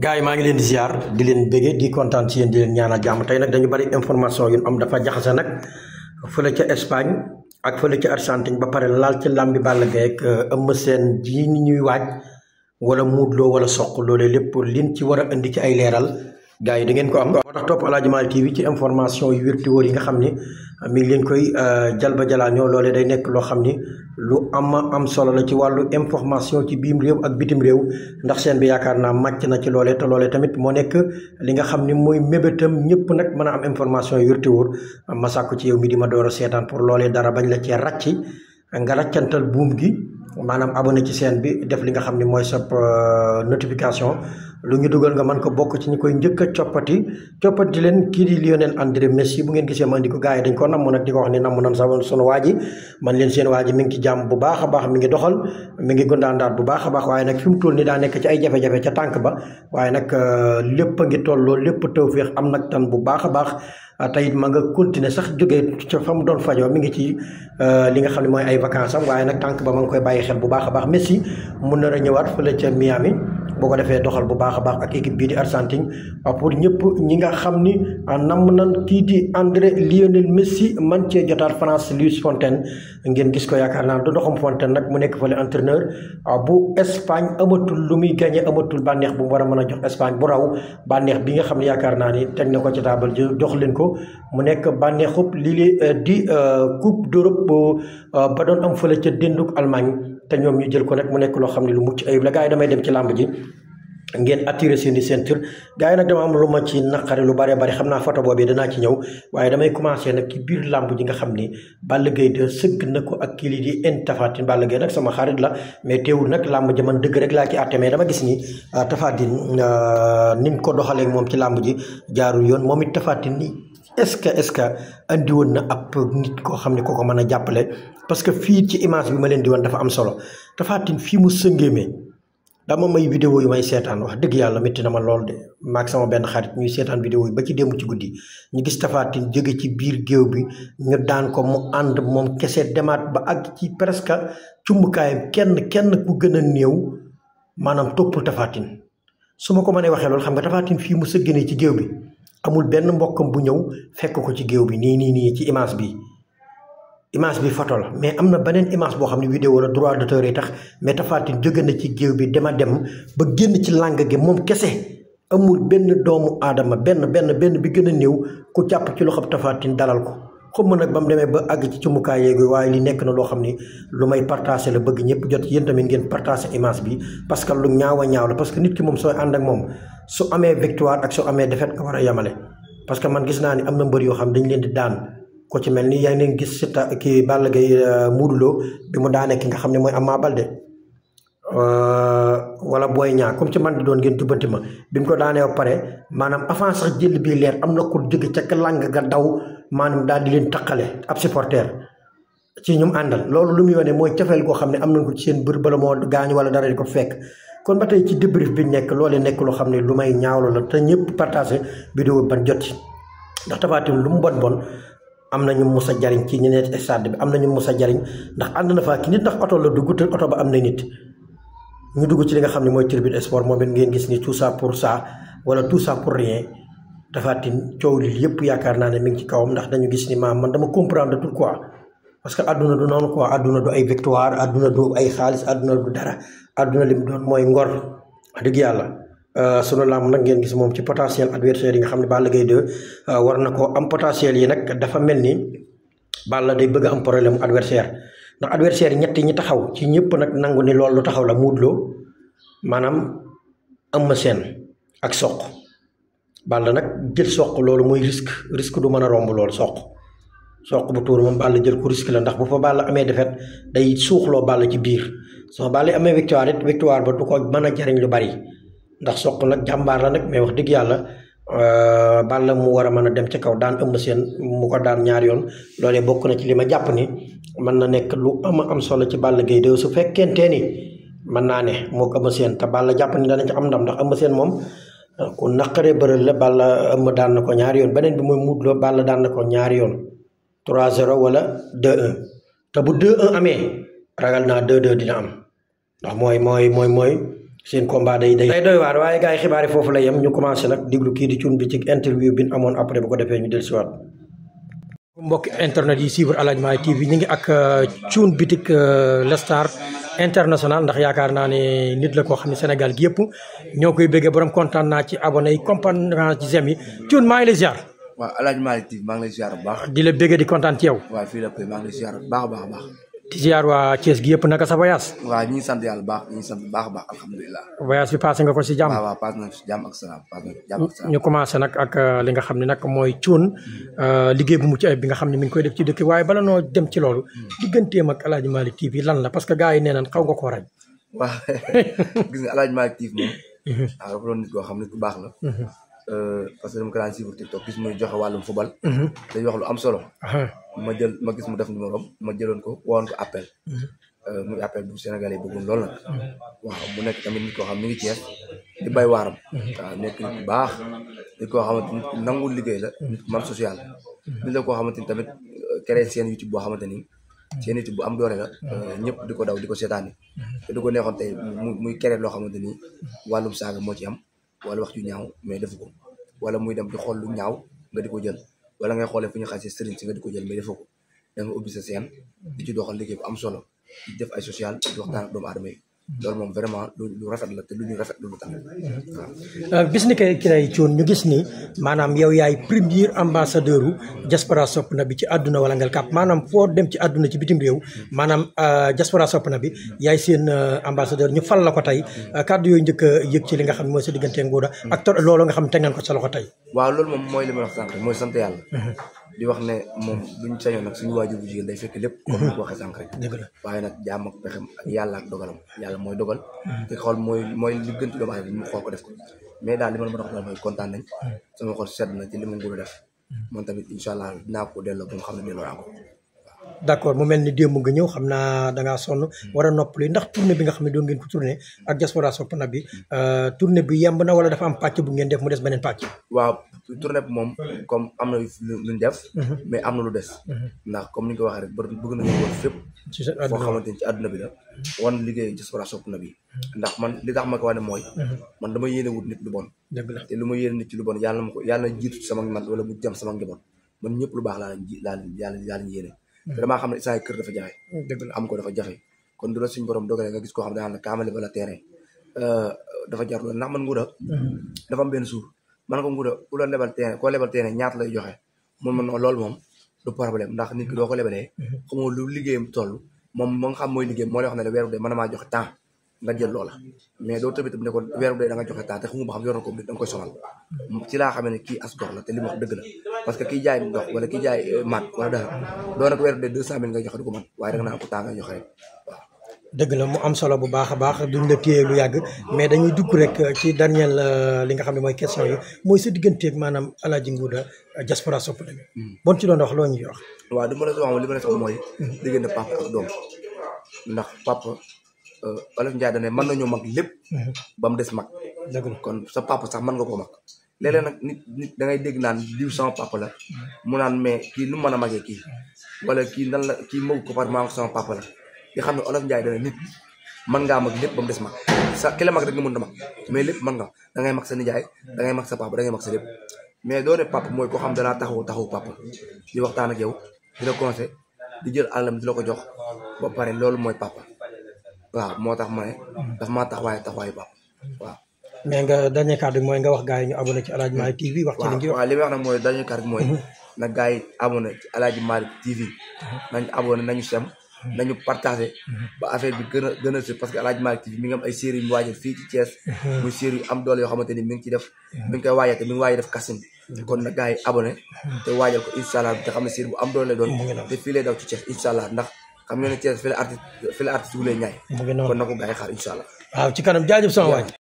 gars yi maa ngi leen di ziar di leen bëggee di kontaan ci yéen di leen ñaanal jàmm tey nag dañu bari information yu am dafa jaxase nag fële ca Espagne ak fële ca Argentine ba pare laal ci làmbi Balla Gaye ak euh, Eumeu Sène ji ni ñuy waaj wala Modou Lo wala Sokh loolee lépp liñ ci war a indi ci ay leeral. gars yi da ngeen ko am moo tax topp Aladji Malick TV ci information yu wér te yi nga xam ni ah, mi ngi leen koy ah, jalba jalaanoo loolee day nekk loo xam ni lu am am solo la ci wàllu information ci biim réew ak bitim réew ndax seen bi yaakaar naa màcc na ci loole te loole tamit moo nekk li nga xam ni mooy mébétam ñëpp nag mën a am information yu wér ma sàkku ci yow mi di ma door a seetaan pour loolee dara bañ la cee ràcc nga ràccantal buum gi maanaam abonné ci seen bi def li nga xam ni mooy sa euh, notification lu ñu dugal nga mën ko bokk ci ñu koy njëkk a coppati coppati leen kii di endre André Messi bu ngeen gisee ma indi ko gars yi dañ ko namm nag di ko wax ni namm nan sama sunu seen waa mi ngi ci jàmm bu baax a baax ngi doxal mi ngi gondaandaat bu baax a baax waaye nag fi ni daa nekk ci ay tànk ba waaye nag euh, lépp a ngi toll loolu lépp tawféex am nag tan bu baax a baax euh, teyit ma nga continuer sax jógee ca fa mu doon fajoo mi ngi ci euh, li nga xam ne mooy ay vacances am waaye nag tànk ba ma ngi koy bàyyi xel bu baax a baax Messi mun na a ñëwaat fële ca Miami boo ko defee doxal bu baax a baax ak équipe bii di Argentine pour ñëpp ñi nga xam ni ah, nam nan kii di André Lionel Messi man cee jotaat France Luis Fontaine ngeen gis ko yaakaar naa du doxam Fontaine nag mu nekk fële entraîneur ah, bu Espagne amatul lu muy gagné amatul bànneex bu mu war a mën a jox Espagne bu raw bànneex bi nga xam yaakaar naa ni teg na ko ci taabal ji jox leen ko mu nekk bànneexub lii di ah, coupe d'Europe ba doon am fële ca dénduk Allemagne te ñoom ñu jël ko nag mu nekk loo xam ne lu mucc ayib la gars yi damay dem ci làmb ji ngeen attiré seeni ceinture gars yi nag dama am lu ma ci naqari lu bare bari xam naa foto boobu danaa ci ñëw waaye damay commencé nag ki biir làmb ji nga xam ni Balla Gaye de sëgg na ko ak kii li di en Tapha Tine Balla nag sama xarit la mais teewul nag làmb ji man dëgg rek laa ci àtte mais dama gis ni euh, Tapha Tine euh, ni mu ko doxalee moom ci làmb ji jaarul yoon moom it Tapha Tine est-ce que est-ce que andi woon na ab nit koo xam ne koo ko mën a jàppale parce que fii ci image bi ma leen di woon dafa am solo Tapha fii mu sëngéemee dama may vidéo yu may seetaan wax dëgg yàlla métti na ma lool de maag benn xarit ñuy seetaan vidéo yi ba ci démb ci guddi ñu gis Tapha Tine jóge ci biir géew bi ñu ko mu ànd moom kese demaat ba ak ci presque cumbukaayam kenn kenn ku gën a néew maanaam toppul Tapha su ma ko mënee waxee loolu xam nga Tapha Tine mu sëggéene ci géew bi amul benn mbokkam bu ñëw fekk ko ci géew bi nii nii nii ci image bi image bi photo la mais am na beneen image boo xam ne vidéo la droit d'auteur yi tax mais Tapha jóge na ci géew bi dema dem ba génn ci làng gi moom kese amul benn doomu aadama benn benn benn bi gën a néew ku jàpp ci loxob Tapha Tine dalal ko xam ma nag ba mu demee ba àgg ci cumukaay yeegu waaye li nekk na loo xam ni lu may partagé la bëgg ñëpp jot yéen tamit ngeen partagé image bi parce que lu ñaaw a ñaaw la parce que nit ki moom sooy ànd ak moom su amee victoire ak su amee défaite nga war a yemale parce que man gis naa ni am na mbër yoo xam dañ leen di daan ko ci mel ni yaa ngi gis si ta kii Balla Gaye euh, bi mu daanee ki nga xam ne mooy Ama Baldé euh, wala Boy Niang comme ci man di doon ngeen jubbanti ma bi mu ko daanee ba pare maanaam avant sax jël bii leer am na ku jóge ca lang ga daw maanaam daal di leen taqale ab supporter ci ñum àndal loolu lu mu yone mooy cafeel goo xam ne am na ko ci seen bër bala moo gaañ wala dara di ko fekk kon ba tey ci débrief bi nekk loolee nekk loo xam ne lu may ñaawlo la te ñëpp bi vidéo ban jot ndax Tapha Tine lu mu bon bon am nañu mus a jariñ ci ñeneen stade bi am na ñu mus a jariñ ndax ànd na fa ki nit ndax oto la dugg te oto ba am na nit ñu dugg ci li nga xam ne mooy tribune sport moom it ngeen gis ni tout ça pour ça wala tout ça pour rien Tapha Tine coow li yëpp yaakaar naa ne mi ngi ci kawam ndax dañu gis ni maam man dama comprendre tout quoi parce que àdduna du noonu àdduna du ay victoire àdduna du ay xaalis àdduna du dara àdduna lim doon mooy ngor wax dëgg yàlla euh, sunu làmb nag ngeen gis moom ci potentiel adversaire yi nga xam ne Balla Gaye 2 euh, war na koo am potentiel yi nag dafa mel ni la day bëgg am problème adversaire ndax adversaire ñett ñi taxaw ci ñëpp nag nangu ni loolu lu taxaw la Modou Lo maanaam Eumeu Sène ak Sokh Balla nag jël Sokh loolu mooy risque risque du mën a romb loolu Sokh Sokh bu tuur moom Balla jël ko risque ndax bu fa Balla amee defet day suuxloo Balla ci biir Soxba li amee victoire it victoire ba du ko mën a jariñ lu bari ndax soq nag jàmbaar la nag mais wax digg yàlla euh, Balla mu war a mën a dem ci kaw daan ëmb seen mu ko daan ñaar yoon loolee bokk na ci li ma jàpp ni mën na nekk lu am am solo ci Balla Gaye 2 su fekkente ni mën naa ne moo ko ëmb seen Balla jàpp ni dana ci am ndam ndax ëmb seen moom ku naqaree bëral la Balla ëmb daan na ko ñaari yoon beneen bi mooy Modou Lo Balla daan na ko ñaari yoon bu 2 amee. ragal naa 2 dina am ndax mooy mooy mooy mooy seen combat day day. day doy waar waaye gars yi xibaar foofu lay yem ñu commencé nag diglu kii di cuun bi ci interview bi amoon après bu ko defee ñu dellusiwaat. mbokk internet yi suivre Aladji Malick TV ñu ngi ak cuun euh, bitik euh, le star international ndax yaakaar naa ne nit la koo xam ne Sénégal yëpp ñoo koy bëggee borom kontaan naa ci abonné yi comprendre ci sem cuun maa ngi lay ziar. waaw Aladji maa ngi lay bu baax. di la bëggee di kontaan ci yow. waaw fii la koy maa a di ziar waa Thiès gi yëpp naka sa voyage. waaw ñu ngi sant yàlla baax ñu ngi baax a baax alhamdulilah. voyage bi passé nga ko si jàmm. waaw waaw passé na si jàmm ak salaam si jàmm ñu commencé nag ak euh, li nga xam ne nag mooy cuun mm-hmm. euh, liggéey bu mucc ayib bi nga xam ne mi koy def ci dëkk waaye bala noo dem ci loolu. Mm. digganteem ak El Hadj Malick TV lan la parce que gars yi nee nañ xaw nga koo rey. waaw gis nga El Hadj Malick TV moom. Mm-hmm. xam ne ku baax la. Mm-hmm. Euh, parce que dama ko daan suivre TikTok gis muy joxe wàllum fubal. Mhm. day wax lu am solo. ma jël ma gis mu def numéro am ma jëloon ko woon ko appel. Mhm. Euh, muy appel bu Sénégalais yi lool nag. Mhm. waaw mu nekk tamit nit koo xam mi ngi Thiès di bay nekk bu baax nit koo xamante ni nangul liggéey la. nit man social la. nit la koo xamante ni tamit euh, créé seen YouTube boo xamante ni. seen YouTube bu am doole la. ñëpp di ko daw di ko seetaani. te du ko neexoon tey muy muy loo xamante ni wàllum saaga moo ci am. wala wax ju ñaaw mais defu ko wala muy dem di xool lu ñaaw nga di ko jël wala ngay xoole fu ñu xasee sëriñ si nga di ko jël mais defu ko da ubbi sa seen di ci doxal liggéey bu am solo di def ay social di waxtaan ak doomu aadama yi loolu moom vraiment lu rafet la te lu ñu rafet lu tamit waaw. Euh, bis ni kay ñu gis ni maanaam yow yaay premier ambassadeur u diaspora sopp na bi ci àdduna wala ngal kàpp maanaam foo dem ci àdduna ci bitim réew maanaam euh, diaspora sopp na bi yaay seen euh, ambassadeur ñu fal la ko tey kàddu yooyu njëkk a yëg ci li nga xam ne mooy sa diggante Ngouda ak loolu nga xam te teg ngeen ko sa loxo tey. waaw loolu moom mooy lim ma wax sànq mooy sant yàlla. Uh-huh. di wax ne moom buñ sañoon nag suñu waajur bu jigéen day fekk lépp comme waxee sànq rek waaye nag jaam ak pexem ak yàlla ak dogalam yàlla mooy dogal mm-hmm. te xool mooy mooy li gën ci doomu aadama mu xool ko def ko mais daal li ma la mën a wax daal mooy kontaan nañ mm-hmm. sama xol sedd na ci li ma nguur def man mm-hmm. tamit incha allah dinaa ko delloo ba nga xam ne delloo naa ko d' accord mu mel ni démb nga ñëw xam naa da ngaa sonn hmm. war a noppali ndax tournée bi nga xam ne doon ngeen ko tourné ak diaspora Soxna bi hmm. euh, tournée bi bu ngeen def mu des beneen pàcc. waaw tournée bi moom comme am na lu ñu def. Hmm. mais am na lu des. ndax comme ni nga ko waxee rek bëgg nañu woon fépp. ci sa foo xamante bi ndax man li tax ma ko wane mooy. man dama yéene wut nit lu bon. dëgg te lu ma yéene nit lu bon yàlla na ma sama man wala mu jam sama njaboot man ñëpp lu baax laa la ji te damaa xam ne saa yu kër dafa jafe. dëgg la am ko dafa jafe kon du la suñu borom dogalee nga gis koo xam ne daanaka kaamale bala terrain euh, dafa jar loolu ndax man nguura. Mm-hmm. dafa am benn suur man ko nguura ku la lebal terrain koo lebal terrain ñaata lay joxe mun ma noonu loolu moom du problème ndax nit ki doo ko lebalee. Mm-hmm. moo nga la weer bu na maa joxe temps nga jël loola mais doo tamit ne ko weer bu dee da nga joxe temps te xamu xam yor na ko da mm-hmm. ci laa xamee ne kii as la te li mu wax dëgg la parce que ki jaay ndox wala kii jaay euh, maat wala dara doon weer de deux cent mille nga joxe du ko mat waaye danga naan ko temps nga joxe dëgg la mu am solo bu baax a baax duñ la téye lu yàgg mais dañuy dugg rek euh, ci dernier euh, li nga xam ne mooy question yi mooy sa digganteeg maanaam Alaaji a diaspora Sopetel hmm. bon a doon wax loo ñuy wax waaw du ma la wax li ma la wax mooy diggante papa ak doom ndax papa Olof Njaay dane mën nañoo mag lépp hmm. ba mu des mag dëgg la kon sa papa sax mën nga koo mag léeg nag nit nit da ngay dégg naan diw sama papa la mu naan mais kii nu mën a magee kii wala kii nan la kii magu ko par maa ko sama papa la di xam ne olof njaay dana nit mën ngaa mag lépp ba mu des mag sa ki la mag rek nga mën da mag mais lépp man nga da ngay mag sa nijaay da ngay mag sa papa da ngay mag sa lépp mais doo papa mooy koo xam dalaa taxaw taxaw papa di waxtaan ak yow di la conseil di jël àllam di la ko jox ba pare loolu mooy papa waaw moo tax ma ne daf maa taxawaayu taxawaayu papa waaw mais nga dernier kàddu mooy nga wax gars yi ñu abonné ci Aladji Malick TV. wax ci li nga wax waaw li may wax nag mooy mhm. na gars yi abonné ci Aladji Malick TV. Mhm. nañu abonné nañu sem. Mhm. nañu a ay série yu mu fii ci Thiès. muy série am doole yoo xamante ni mi ngi ci def. mi ngi koy waajal te mi ngi waajal def kasim kon na gars yi te waajal ko incha allah te xam ne série bu am doole lay doon. te fii lay daw ci Thiès incha allah ndax xam ngeen ne Thiès fii la artiste ñaay. kon na ko xaar incha waaw ci kanam jaajëf sama waay